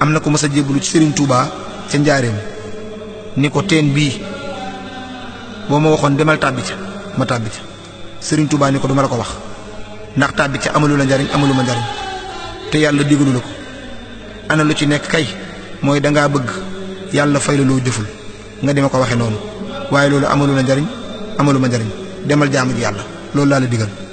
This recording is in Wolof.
am na ko mas a jébbalu ci Serigne Touba ca njaareem ni ko teen bii boo ma waxoon demal tàbbi ca ma tàbbi ca Serigne Touba ni ko duma la ko wax ndax tàbbi ci amalu la njariñ amalu ma njariñ te yàlla digalu la ko ana lu ci nekk kay mooy dangaa bëgg yàlla fay la loo jëful nga dima ko waxe noonu waaye loolu amalu la njariñ amalu ma njariñ demal jaamu ji yàlla loolu laa la digal